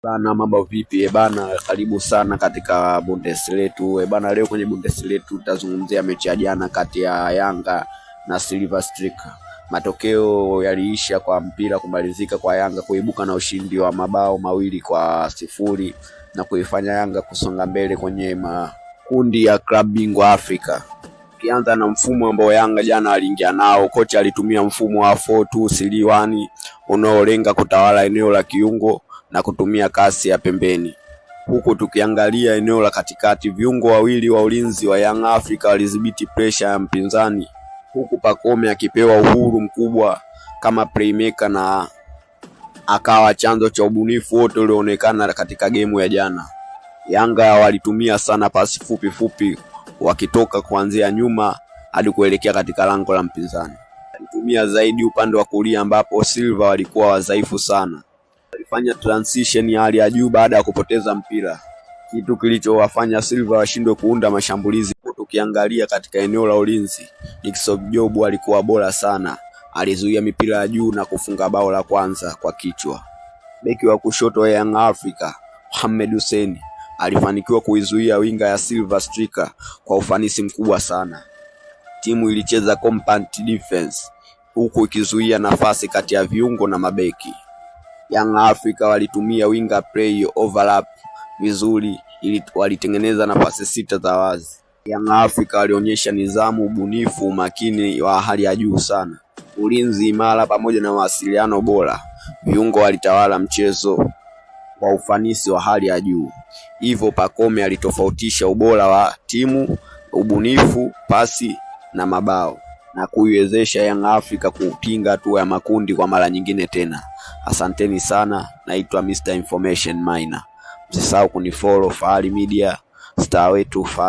Bana, mambo vipi? Eh, bana, karibu sana katika bundesi letu eh, bana. Leo kwenye bondesi letu tutazungumzia mechi ya jana kati ya Yanga na Silver Strikers. Matokeo yaliisha kwa mpira kumalizika kwa Yanga kuibuka na ushindi wa mabao mawili kwa sifuri na kuifanya Yanga kusonga mbele kwenye makundi ya klabu bingwa Afrika. Ukianza na mfumo ambao Yanga jana aliingia nao, kocha alitumia mfumo wa 4-2-3-1 unaolenga kutawala eneo la kiungo na kutumia kasi ya pembeni. Huku tukiangalia eneo la katikati, viungo wawili wa ulinzi wa Young Africa walidhibiti presha ya mpinzani, huku Pacome akipewa uhuru mkubwa kama playmaker na akawa chanzo cha ubunifu wote ulioonekana katika gemu ya jana. Yanga walitumia sana pasi fupi fupi wakitoka kuanzia nyuma hadi kuelekea katika lango la mpinzani. Walitumia zaidi upande wa kulia ambapo Silva walikuwa wadhaifu sana kufanya transition ya hali ya juu baada ya kupoteza mpira, kitu kilichowafanya Silva washindwe kuunda mashambulizi. Tukiangalia katika eneo la ulinzi, Dickson Job alikuwa bora sana, alizuia mipira ya juu na kufunga bao la kwanza kwa kichwa. Beki wa kushoto ya Young Africa Mohamed Hussein alifanikiwa kuizuia winga ya Silva striker kwa ufanisi mkubwa sana. Timu ilicheza compact defense huku ikizuia nafasi kati ya viungo na mabeki. Young Africa walitumia winger play overlap vizuri, ili walitengeneza nafasi sita za wazi. Young Africa walionyesha nidhamu, ubunifu, umakini wa hali ya juu sana, ulinzi imara pamoja na mawasiliano bora. Viungo walitawala mchezo kwa ufanisi wa hali ya juu, hivyo Pacome alitofautisha ubora wa timu, ubunifu, pasi na mabao na kuiwezesha Young Africa kupinga hatua ya makundi kwa mara nyingine tena. Asanteni sana, naitwa Mr Information Miner. Msisahau kunifollow Fahali Media, star wetu Fahali.